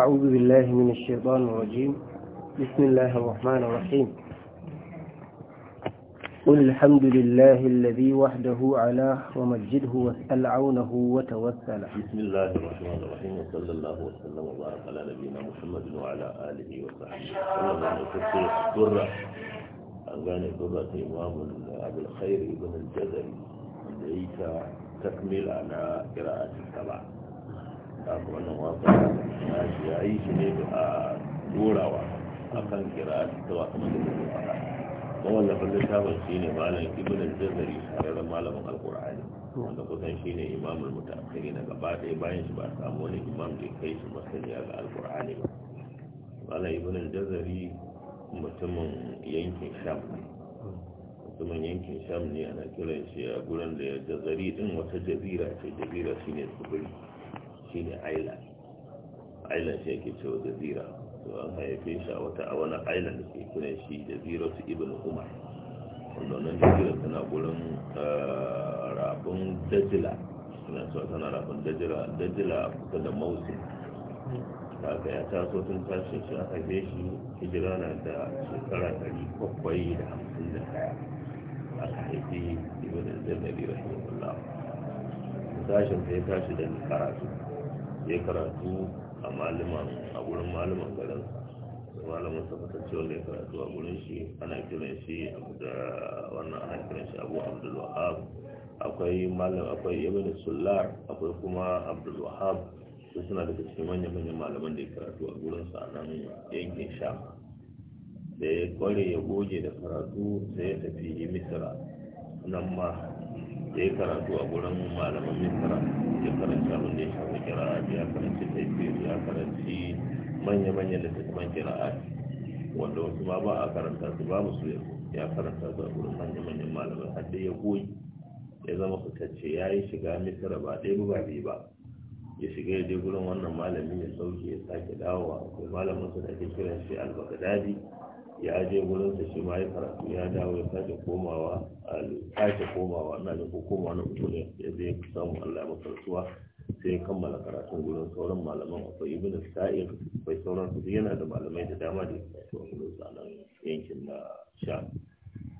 أعوذ بالله من الشيطان الرجيم بسم الله الرحمن الرحيم قل الحمد لله الذي وحده علاه ومجده واسأل عونه وتوسل بسم الله الرحمن الرحيم وصلى الله وسلم وبارك على نبينا محمد وعلى آله وصحبه وسلم قرة أغان قرة إمام أبو الخير بن الجزري ليس تكمل على قراءة السبعة wannan waka na shi ya yi shi ne a dorawa a kan kira ta waka mai da zai wanda mawallafin littafin shi ne malam ibn al-jazari shahararren malamin alkur'ani wanda kusan shi ne imamul mutu mutakari na gaba ɗaya bayan shi ba a samu wani imam da ya kai shi masaniya ga alkur'ani ba malam ibn al mutumin yankin sham mutumin yankin sham ne ana kiran shi a gurin da ya jazari din wata jazira ce jazira shine tsibiri shi ne island island shi yake cewa jazira to an haife shi a wata a wani island da ke kunan shi jazira su ibn umar wannan jazira tana gurin ah, rabin dajila suna cewa tana rabin dajila dajila a kusa da mausin ga ya taso tun tashi shi aka haife shi hijira na da shekara da da hamsin A aka haifi ibn shi zabi rahimahullah tashin sai tashi da karatu ya karatu a maliman a wurin malaman garin malamin sa kasance wanda ya karatu a gurin shi ana kiran shi da wannan ana kiran shi abu abdul wahab akwai malam akwai ibn sullar akwai kuma abdul wahab su suna daga cikin manyan manyan malaman da ya karatu a gurin sa a nan yankin sha da ya kware ya goge da karatu sai ya tafi misira nan ma da ya karatu a gurin malaman misira kira'at ya karanci tafsir ya karanci manya-manyan manya kira kira'at wanda wasu ba a karanta su babu su ya karanta su a gurin manya-manyan malamai har da ya goyi ya zama fitacce ya yi shiga misira ba ɗaya ba biyu ba ya shiga ya je gurin wannan malami ya sauke ya sake dawowa akwai malamin su da ake kiran shi albagadadi ya je gurin sa shi ma ya karatu ya dawo ya sake komawa a sake komawa na jin ko komawa na uku ya zai samu Allah ya masa sai kammala karatun gurin sauran malaman akwai ibn sa'ir akwai sauran su yana da malamai da dama da su a nan yankin na sha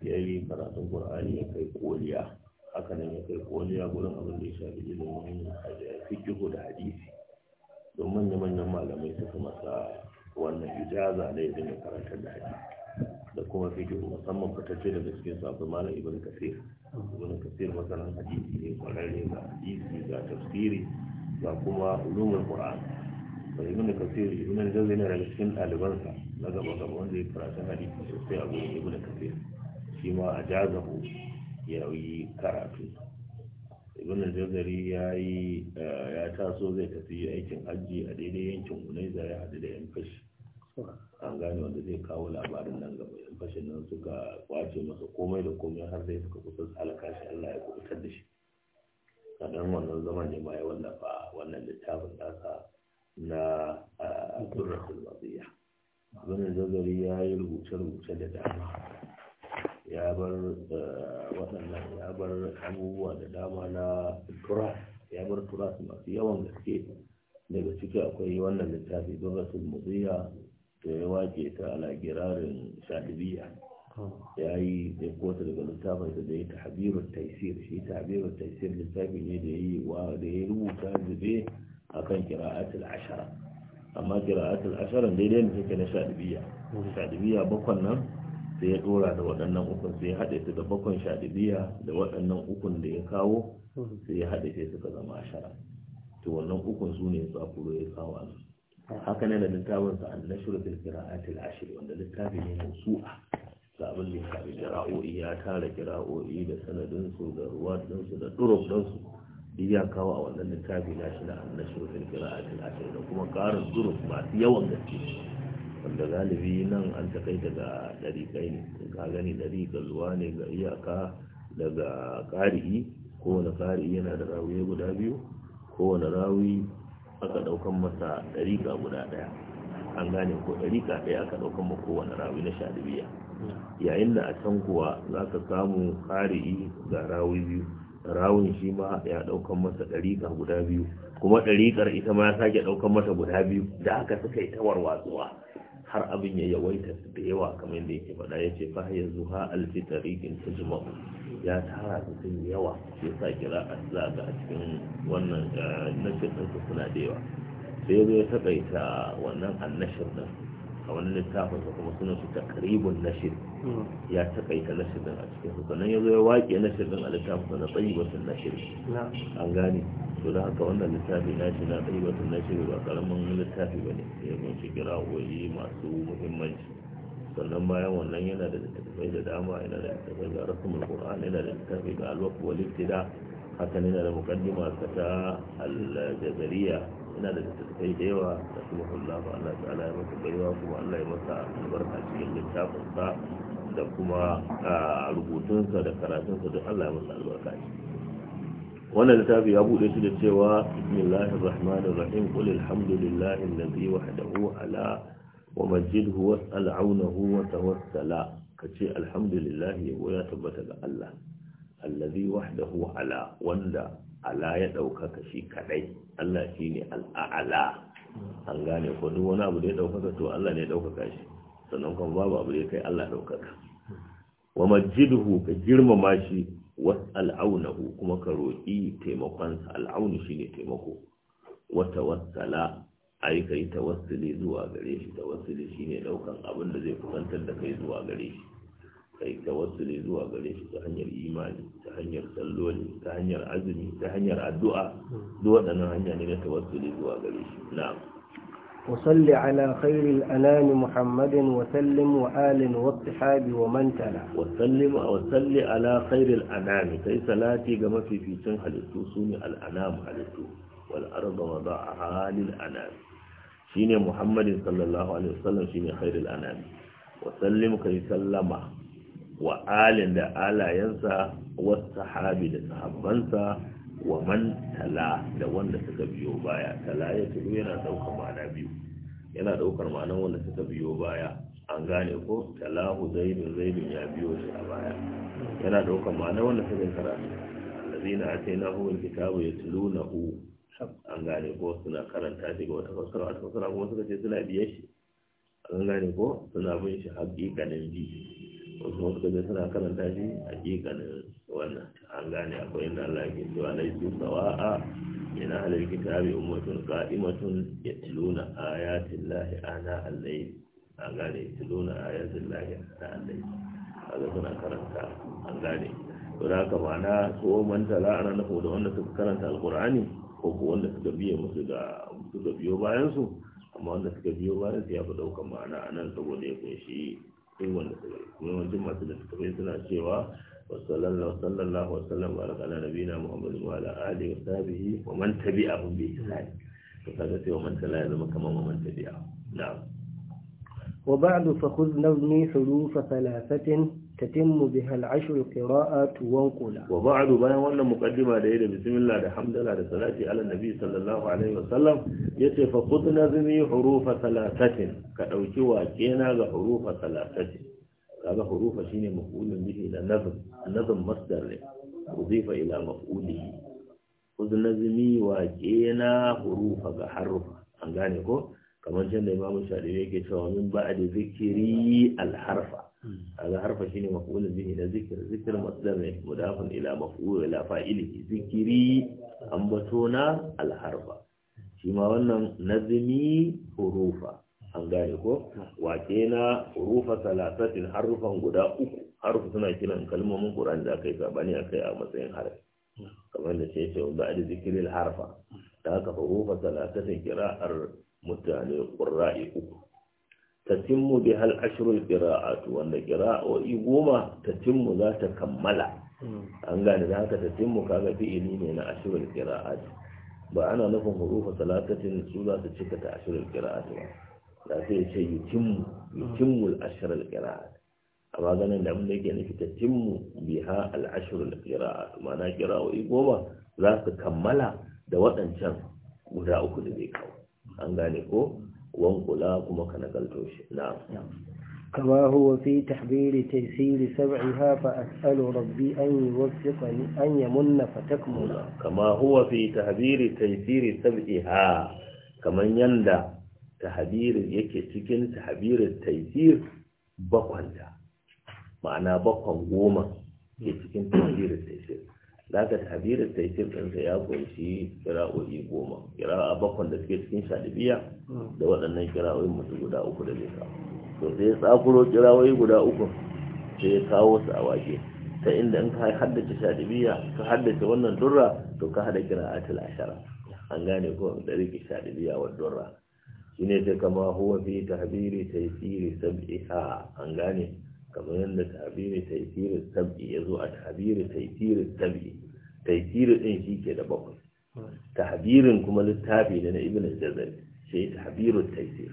ya yi karatun qur'ani ya kai koliya haka nan ya kai koliya gurin abin da ya shafi ilimin fikihu da hadisi don manya-manyan malamai suka masa wannan ijaza na da dinga karantar da hadisi da kuma fikihu musamman fitacce daga cikin sabu malam ibn kasir ibn kasir masanin hadisi ne kwararre ga hadisi ga tafsiri ba kuma ulumul qur'an to ibnu kafir ibnu daga cikin ɗalibansa na gaba gaba wanda ya karanta hadisi sosai a gurin ibn kafir shi ma a jazahu ya yi karatu ibnu jazari ya yi eh, ya taso zai tafi aikin hajji a daidai yankin unaiza ya haɗu da yan fashi an gane wanda zai kawo labarin nan gaba yan fashin nan suka kwace masa komai da komai har zai suka kusa halaka shi Allah ya kubutar da shi Kaɗan wannan zaman ne ma ya wallafa wannan littafin nasa na turratul maziya abin zagari ya yi rubuce-rubuce da dama ya bar eh, waɗannan ya bar abubuwa da dama na turas ya bar turas masu yawan gaske daga ciki akwai wannan littafi turratul maziya da ya wake ta alagirarin girarin shadibiya ya yi da kota daga littafin da ya ta habirun taisir shi ta habirun taisir littafi ne da ya yi wa da ya rubuta zube a kan kira'atul ashara amma kira'atul ashara daidai ne take na shaɗibiya. shadibiya bakwan nan sai ya dora da waɗannan ukun sai ya haɗe su da bakwan shadibiya da waɗannan ukun da ya kawo sai ya haɗe sai suka zama ashara to wannan ukun su ne ya tsakuro ya kawo nan haka ne da littafin sa annashru da qira'atil ashir wanda littafi ne su'a sabon lissafi kira'o'i ya tara kira'o'i da sanadinsu da ruwa su da ɗuruf ɗinsu duk ya kawo a wannan littafi na shi na annashirin kira'atin ashirin da kuma ƙarin ɗuruf masu yawan gaske wanda galibi nan an ta daga ga kai ne ka gani ɗariƙar ruwa ne ga iyaka daga ƙari'i kowane ƙari'i yana da rawiye guda biyu kowane rawi aka ɗaukan masa ga guda ɗaya an gane ko ɗariƙa ɗaya aka ɗaukan ma kowane rawi na sha biya yayin da a can kuwa za ka samu ƙari'i ga rawi biyu rawun shi ma ya ɗaukan masa ɗariƙa guda biyu kuma ɗariƙar ita ma ya sake ɗaukan mata guda biyu da aka suka yi tawar watsuwa har abin ya yawaita su da yawa kamar da yake faɗa ya ce fa ya alfi ɗariƙin ta jima'u ya tara su sun yawa ya sa kira a a cikin wannan eh, nashin ɗinsa suna da yawa sai ya zo ya taƙaita wannan annashir ɗin a wani littafin sa kuma ta shi takribun nashir ya takaita nashir din a cikin su sannan ya zo ya waƙe nashir din a littafin sa na tsayibatun nashir an gane to da haka wannan littafi na shi na tsayibatun nashir ba karamin littafi ba ne ya kunshi kira'o'i masu muhimmanci sannan bayan wannan yana da littattafai da dama yana da littattafai da rasumul qur'an yana da littattafai da alwaq wal hakan yana da muqaddima ta al-jazariya ina da littattafai da yawa da kuma hullahu Allah ta'ala ya masa baiwa kuma Allah ya masa albarka cikin littafinsa da kuma rubutunsa da karatunsa duk Allah ya masa albarka wannan littafi ya buɗe shi da cewa bismillahir rahmanir rahim qul alhamdulillahi allazi wahdahu ala wa majidhu was'al aunahu wa tawassala kace alhamdulillahi yabo ya tabbata ga Allah allazi wahdahu ala wanda ala ya ɗaukaka shi kaɗai Allah shi ne al'a'ala an gane ko duk wani abu da ya ɗaukaka to Allah ne ya ɗaukaka shi sannan kuma babu abu da ya kai Allah ɗaukaka wa majidhu ka girmama shi wasu al'aunahu kuma ka roƙi taimakonsa al'aunu shi ne taimako wata wasala a yi ka yi tawassuli zuwa gare shi tawassuli shi ne ɗaukan abin da zai kusantar da kai zuwa gare shi kai ka wasule zuwa gare shi ta hanyar imani ta hanyar salloli ta hanyar azumi ta hanyar addu'a duk waɗannan hanya ne ka wasule zuwa gare shi na'am wa ala khairi al'anani muhammadin wa sallim wa alin wa sahabi wa wa sallim ala khairi al'anani kai salati ga mafificin halittu sune al'anam halittu wal arda wa da'aha lil anam shine muhammadin sallallahu alaihi wasallam shine khairi al'anani wa kai sallama wa alin da alayensa wasu sahabi da sahabbansa wa man tala da wanda suka biyo baya tala ya tulu yana ɗaukar ma'ana biyu yana ɗaukar ma'ana wanda suka biyo baya an gane ko tala zaidun zaidun ya biyo shi a baya yana ɗaukar ma'ana wanda suka karatu allazina atainahu alkitaba hu an gane ko suna karanta shi ga wata fasara wata fasara kuma suka ce suna biye shi an gane ko suna bin shi haƙiƙanin ji wasu wasu kaje suna karanta shi a hakikanin wannan an gane akwai inda Allah yake cewa laisu sawa'a min ahlil kitabi ummatun qa'imatun yatluna ayatin lahi a na allai. an gane ya yatluna ayatin lahi na allai. A ga suna karanta an gane to da haka ma'ana ko man tala ana nufo wanda suka karanta alqur'ani ko ko wanda suka biye musu da suka biyo bayansu, amma wanda suka biyo bayan su ya fi ɗaukar ma'ana a nan saboda ya kunshi kowane yawancin masu littattafai suna cewa wasallallahu sallallahu wasallam wa alaka ala na muhammadin wa ala alihi wa sahbihi wa man tabi'ahum bi ihsan to kaga sai wa man tala ya zama kamar wa man tabi'ahum na'am wa ba'du fa khudh nazmi huruf thalathatin تتم بها العشر قراءات وانقلا وبعد بيان wannan muqaddima da yayin bismillah da hamdala da salati ala nabi sallallahu alaihi wasallam yace fa qutna zimi hurufa thalathatin ka dauki waƙena ga hurufa thalathatin kaga hurufa shine maf'ulun bihi da nazm masdar ne udifa ila maf'ulihi qutna zimi waƙena hurufa ga harufa an gane ko kamar yadda imamu shari'i yake cewa min ba'di zikri al harfa a harfa shi ne mafi'ulun bihi na zikir zikir masdar ne mudafin ila mafi'ulun ila fa'ilihi zikiri ambato na alharfa shi ma wannan nazimi hurufa an gane ko wake na urufa talatin harufan guda uku harufa suna kiran kalmomin kuran da aka yi sabani a kai a matsayin harfi kamar da ce ce ba da zikirin harfa da aka hurufa talatin kira ar mutane ƙurra'i uku tatimmu bi hal ashrul qira'atu wanda qira'o'i goma tatimmu za ta kammala an gane da haka tatimmu kaga fi'ili ne na ashrul qira'at ba ana nufin hurufa salatatin su za ta cika ta ashrul qira'at ba da sai ce yutimmu yutimmu al ashrul qira'at amma ganin da abin da yake nufi tatimmu biha al ashrul qira'at ma'ana qira'o'i goma za su kammala da waɗancan guda uku da zai kawo an gane ko وانقلا كما كان قلتوش نعم. نعم كما هو في تحبير تيسير سبعها فأسأل ربي أن يوفقني أن يمن فتكمل كما هو في تحبير تيسير سبعها كما يندى تحبير يكي سكين تحبير التيسير بقوان معنى بقوان قوما يكي سكين تحبير التيسير za ka tabirin taifin ɗinsa ya kunshi kira'o'i goma kira'a bakwai da suke cikin shalibiya da waɗannan kira'o'in mutu guda uku da zai kawo to sai ya tsakuro kira'o'i guda uku sai ya kawo su a wake ta inda in ka haddace shalibiya ka haddace wannan durra to ka hada ta ashara an gane ko da rike shalibiya wa durra shine sai kama huwa fi tahbiri taysiri sab'iha an gane kamar yadda tabiri taifirin tabi ya zo a tabiri taifirin tabi taitirin ɗin shi ke da bakwai tabirin kuma littafi ne na ibn jazari shi tabiru taitir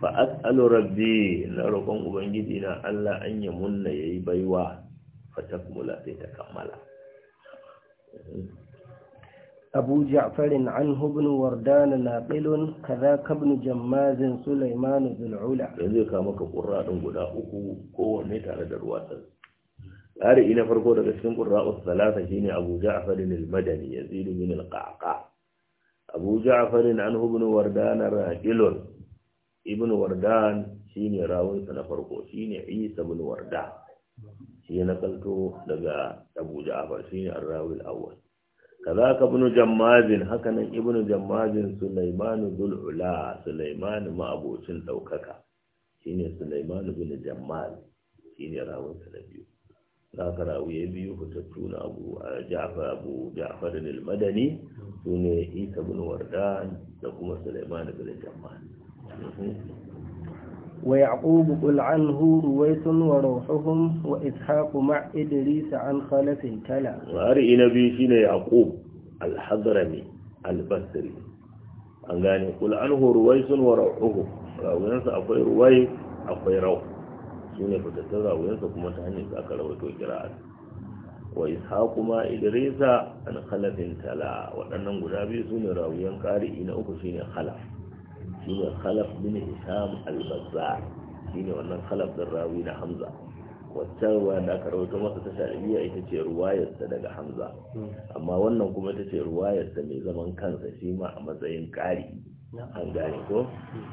fa as'alu rabbi na roƙon ubangiji na Allah an ya munna yayi baiwa fa takmula sai ta kammala أبو جعفر عنه بن وردان ناقل كذاك ابن جماز سليمان ذو العلا yanzu ka maka qurra'un guda uku kowanne tare da ruwatan tsari ina farko daga cikin qurra'u thalatha shine Abu Ja'far al-Madani Yazid bin al-Qa'qa Abu Ja'far anhu ibn Wardan raqilun ibn Wardan shine rawun na farko shine Isa ibn Wardan shi daga shine kaza ka ibnu jammazin haka nan ibnu jammazin sulaiman bin ula sulaimanu ma'abocin daukaka shine sulaiman bin jammaz shine rawun sa na biyu za ka rawu ya biyu fitattu na abu ja'far abu ja'far bin madani su ne isa wardan da kuma sulaiman bin jammaz ويعقوب قل عنه رويس وروحهم وإسحاق مع إدريس عن خلف كلا وأرئي نبي شين يعقوب الحضرمي البصري an gane kul an horuwai sun wa rauhu rawuyansa akwai ruwai akwai rau su ne fitattun rawuyansa kuma ta hanyar da aka rawato kira'a wa ishaku ma idrisa an khalafin tala waɗannan guda biyu su shi ne khalaf bin hisham al-bazzar shi ne wannan khalaf din rawi na hamza waccan ruwa da aka rawaito masa ta shari'a ita ce ruwayarsa daga hamza amma wannan kuma ita ce ruwayarsa mai zaman kansa shi ma a matsayin ƙari an gane ko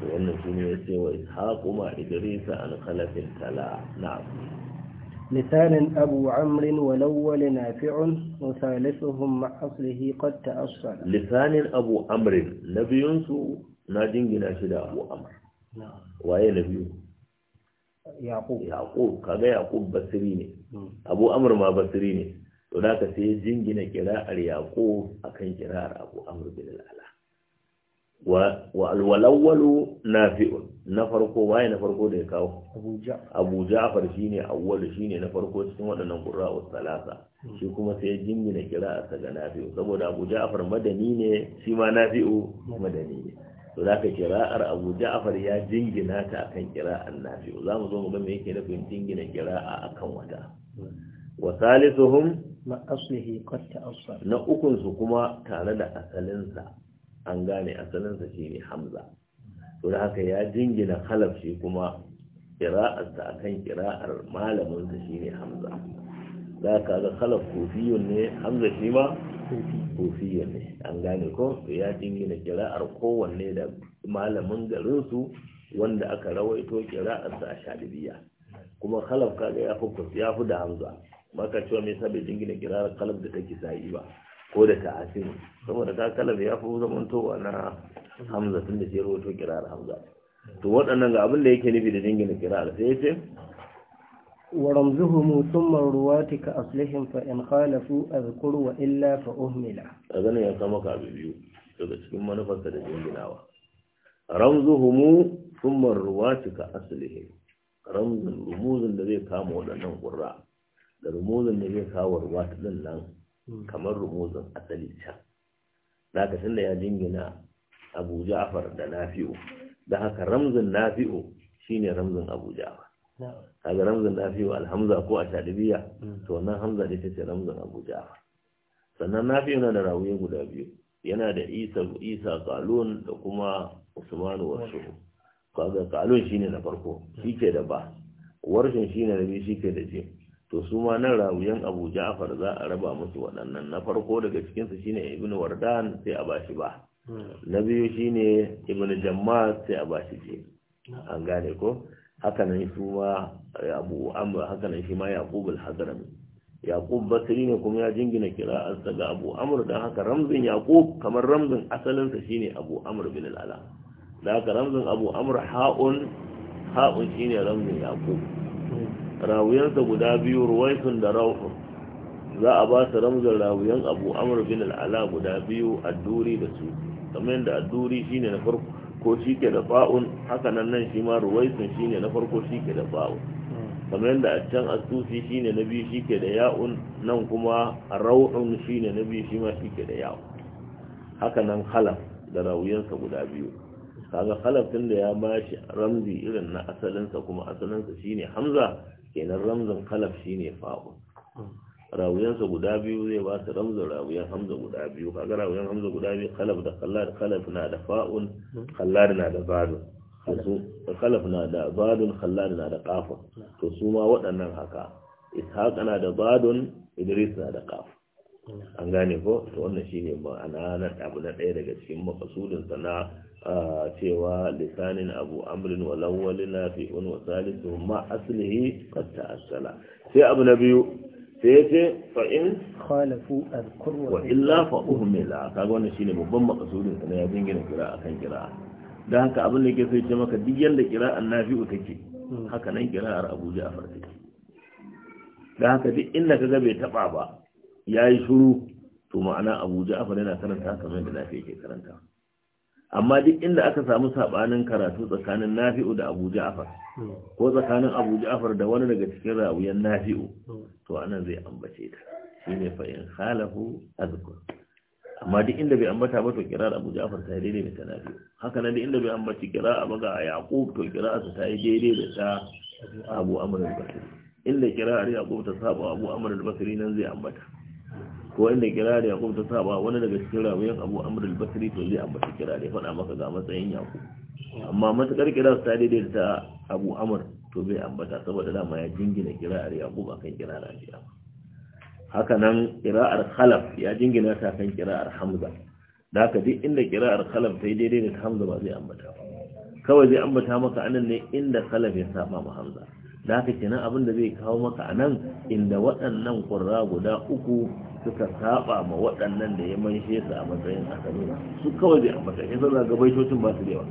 wannan shi ne ya ce wa ishaqu ma idrisa an khalafin tala na'am لسان أبو عمرو والأول نافع وثالثهم مع أصله قد تأصل لسان أبو عمرو نبي ينسو na jingina shi da abu amma. waye na biyu yaqub yaqub kaga yaqub basiri ne hmm. abu amur ma basiri ne to da ka sai jingina kira'ar yaqub akan kira'ar abu amur bin al wa alwalawalu na fi'un na farko waye na farko da ya kawo abu ja'far shine awwalu shine na farko cikin waɗannan qurra'u salasa hmm. shi kuma sai jingina kira'ar sa ga fi'u saboda abu ja'afar madani ne shi ma fi'u madani ne to za ka kira'ar abu ja'afar ya jingina ta akan kira'ar nafi za mu zo mu ga me yake nufin jingina kira'a akan wata wa salisuhum ma aslihi qad ta'assar na ukun kuma tare da asalinsa an gane asalinsa shine hamza to da haka ya jingina halaf shi kuma ta akan kira'ar malamin sa shine hamza za ka ga khalaf kufiyun ne hamza shi ma kufiya ne an gane ko ya jingina kira'ar kowanne da malamin garinsu wanda aka rawaito kira'arsa a shalibiya kuma khalaf kaga ya ya fi da hamza maka cewa me sabai bai jingina kira'ar khalaf da take sa'i ba ko da ta ta'asin saboda ka khalaf ya fi zamantowa na hamza tun da ke rawaito kira'ar hamza to waɗannan ga abin da yake nufi da jingina kira'ar sai ya ورمزهم ثم الرواة كأصلهم فإن خالفوا أذكر وإلا فأهملا أغنى يا كما كابيو daga cikin manufarsa da jinginawa ramzuhumu thumma ruwati ka aslihi ramzun rumuzun da zai kama waɗannan ƙurra da rumuzun da zai kawo ruwati din nan kamar rumuzun asali can zaka ya jingina Abu Ja'far da Nafi'u da haka ramzun Nafi'u shine ramzun Abu Ja'far kaga ramzan da fi alhamza ko a talibiya to wannan hamza da ta ce ramzan abu ja'far sannan na fi yana da rawuye guda biyu yana da isa isa kalun da kuma usmanu wasu kaga kalun shine na farko shi ke da ba Warshen shine na biyu shi ke da je to su ma nan rawuyan abu ja'far za a raba musu waɗannan na farko daga cikinsu shine ibnu wardan sai a bashi ba hmm. na biyu shine ibnu jamma sai a bashi jim an gane ko hakanan shi ma abu amr hakanan shi ma yaqub al-hadrami yaqub basri ne kuma ya jingina sa ga abu amr dan haka ramzin yaqub kamar ramzin asalin sa shine abu amr bin al-ala da haka ramzin abu amr ha'un ha'un shine ramzin yaqub rawiyansa guda biyu Ruwaisun da rauhun za a ba su ramzin rawiyan abu amr bin al al-ala guda biyu adduri da su kamar yadda adduri shine na farko farko shi ke da fa'un haka nan nan shi ma ruwaisun shi ne na farko shi ke da fa'un kamar yadda a can asusi shi ne na biyu shi ke da ya'un nan kuma rau'un shi ne na biyu shi ma shi ke da ya'un haka nan da rawuyansa guda biyu kaga halaf tun da ya ba shi ramzi irin na asalinsa kuma asalinsa shi ne hamza kenan ramzin halaf shi ne fa'un rawiyansa guda biyu zai ba su ramza rawiyan hamza guda biyu kaga rawiyan hamza guda biyu khalaf da khallad khalaf na da fa'un khallad na da badun khalaf na da badun khallad na da qafa to su ma waɗannan haka ishaq na da badun idris na da qafa an gane ko to wannan shine ma'ana na abu na ɗaya daga cikin sa na cewa lisanin abu amrin wa lawwalina fi wa ma aslihi qad ta'assala sai abu na biyu sai ya ce fa'in khalafu azkur wa illa fa uhmila kaga wannan shine babban makasudin sa ya jingina kira akan kira dan haka abin da yake sai ce maka duk yanda kira annafi'u take hmm. haka nan kira'ar Abu a take dan haka duk inda kaga bai taba ba yayi shiru to ma'ana Abu Ja'far yana karanta kamar da lafiya yake karanta amma duk inda aka samu sabanin karatu tsakanin nafi'u da abu ja'far hmm. ko tsakanin abu ja'far da wani daga cikin rawuyan nafi'u hmm. to anan zai ambace ta shine fa in khalahu azkur amma duk inda bai ambata ba to kirar abu ja'far ta daidai ta nafi'u haka nan duk inda bai ambaci kira ba a yaqub to kira su ta daidai da ta abu amr al-basri inda kira yaqub ta saba abu amr al-basri nan zai ambata ko inda kira da yaqub ta saba wani daga cikin rawayan abu amr al-basri to zai ambata kira da faɗa maka ga matsayin yaqub amma matakar kira ta daidai ta abu amr to bai ambata saboda dama ya jingina kira da yaqub akan kira da shi haka nan kira'ar khalaf ya jingina ta kan kira'ar hamza da haka duk inda kira'ar khalaf ta daidai da hamza ba zai ambata ba kawai zai ambata maka anan ne inda khalaf ya saba ma hamza da haka kenan abin da zai kawo maka a nan inda waɗannan ƙurra guda uku suka saba ma waɗannan da ya manshe su a matsayin asali su kawai zai ambata shi sun zaga baitocin ba su da yawa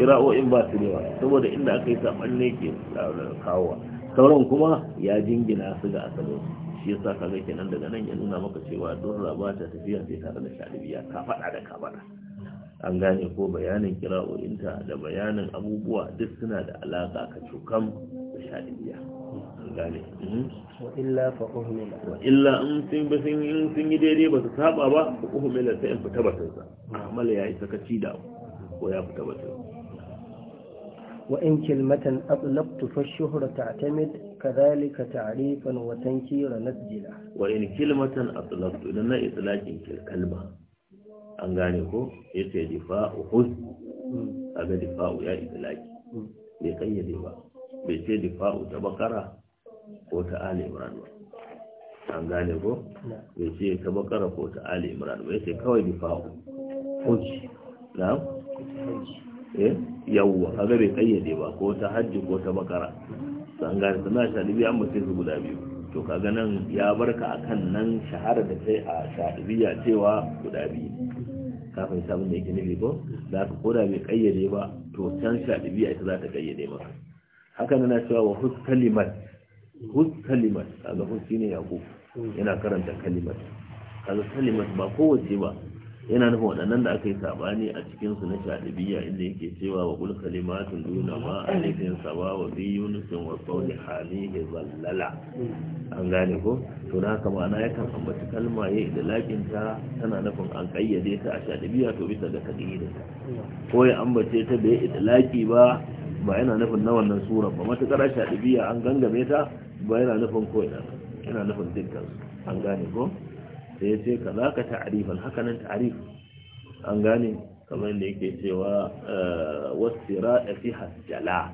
kira'o'in ba su da saboda inda aka yi saɓan ne ke kawowa sauran kuma ya jingina su ga asalin shi yasa ga kenan daga nan ya nuna maka cewa durra ba ta tafiya sai tare da shalibiya ka faɗa da ka faɗa an gane ko bayanin kira'o'inta da bayanin abubuwa duk suna da alaƙa ka cukan shalibiyya gane wa illa fa uhmila wa illa in sun ba sun yi sun yi daidai ba su saba ba fa uhmila sai in fita batun sa amala yi sakaci da ko ya fita batun wa in kilmatan atlaqtu fa shuhra ta'tamid kadhalika ta'rifan wa tankira nasjila wa in kilmatan atlaqtu idan na itlaqin kalma an gane ko yace difa'u hus aga difa'u ya itlaqi bai kayyade ba bai ce difa'u ta bakara ko ta ali imran ba an gane ko bai ce ta bakara ko ta ali imran ba ya ce kawai difa'u hujji na eh yawwa kaga bai kayyade ba ko ta hajji ko ta bakara an gane sana shalibi an mutu su guda biyu to kaga nan ya barka akan nan shahara da yi a ya cewa guda biyu kafin sabon da yake nufi ko da aka koda bai kayyade ba to can shalibiya ita za ta kayyade maka haka na cewa wa hus kalimat hus kalimat kaga hus shine yana karanta kalimat kaga kalimat ba kowace ba yana nufin waɗannan da aka yi sabani a cikin su na shadibiyya inda yake cewa wa kul kalimatun duna ma alifin sawa wa bi yunusin wa qawli halihi zallala an gane ko to na haka ma'ana yakan ambaci kalma ya da ta tana nufin an kayyade ta a shadibiyya to bisa da kadidin ko ya ambace ta da ya idlaki ba ba yana nufin na wannan sura ba matuƙar shaɗibiya an gangame ta ba yana nufin ko ina yana nufin dukkan an gane ko sai sai ka za ka ta'arifan haka nan ta'arif an gane kamar da yake cewa eh, wasira da fi hasjala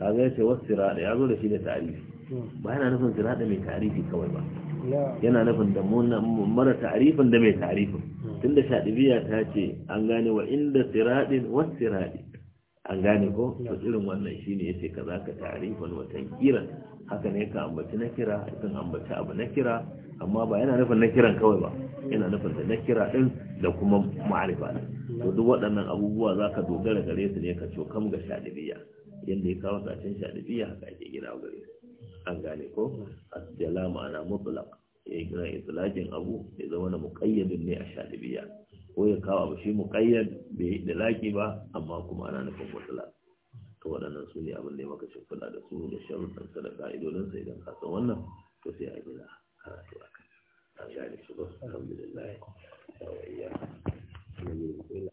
ka ya ce wasira da ya zo da shi da ta'arifi hmm. ba yana nufin sira da mai ta'arifi kawai ba yana nufin da mara ta'arifin da mai ta'arifin hmm. tun da shaɗibiya ta ce an gane wa inda siraɗin wasiraɗi an gane ko to irin wannan shine yace kaza ka ta'rifan wa tanqiran haka ne ka ambaci na kira ambaci abu nakira amma ba yana nufin na kawai ba yana nufin da na din da kuma ma'arifa to duk waɗannan abubuwa zaka dogara gare su ne ka ce kam ga shadibiya yanda ya kawo sacin shadibiya haka ake gina gare su an gane ko as-salamu ana mutlaq ya gina itlaqin abu ya zama na muqayyadin ne a shadibiya ko ya kawo ba shi muƙayyad bai yi laki ba amma kuma ana nufin mutlaq to waɗannan su ne abin da ya maka shimfiɗa da su da shan sa da ƙa'idodin sa idan ka san wannan to sai a gina karatu a kan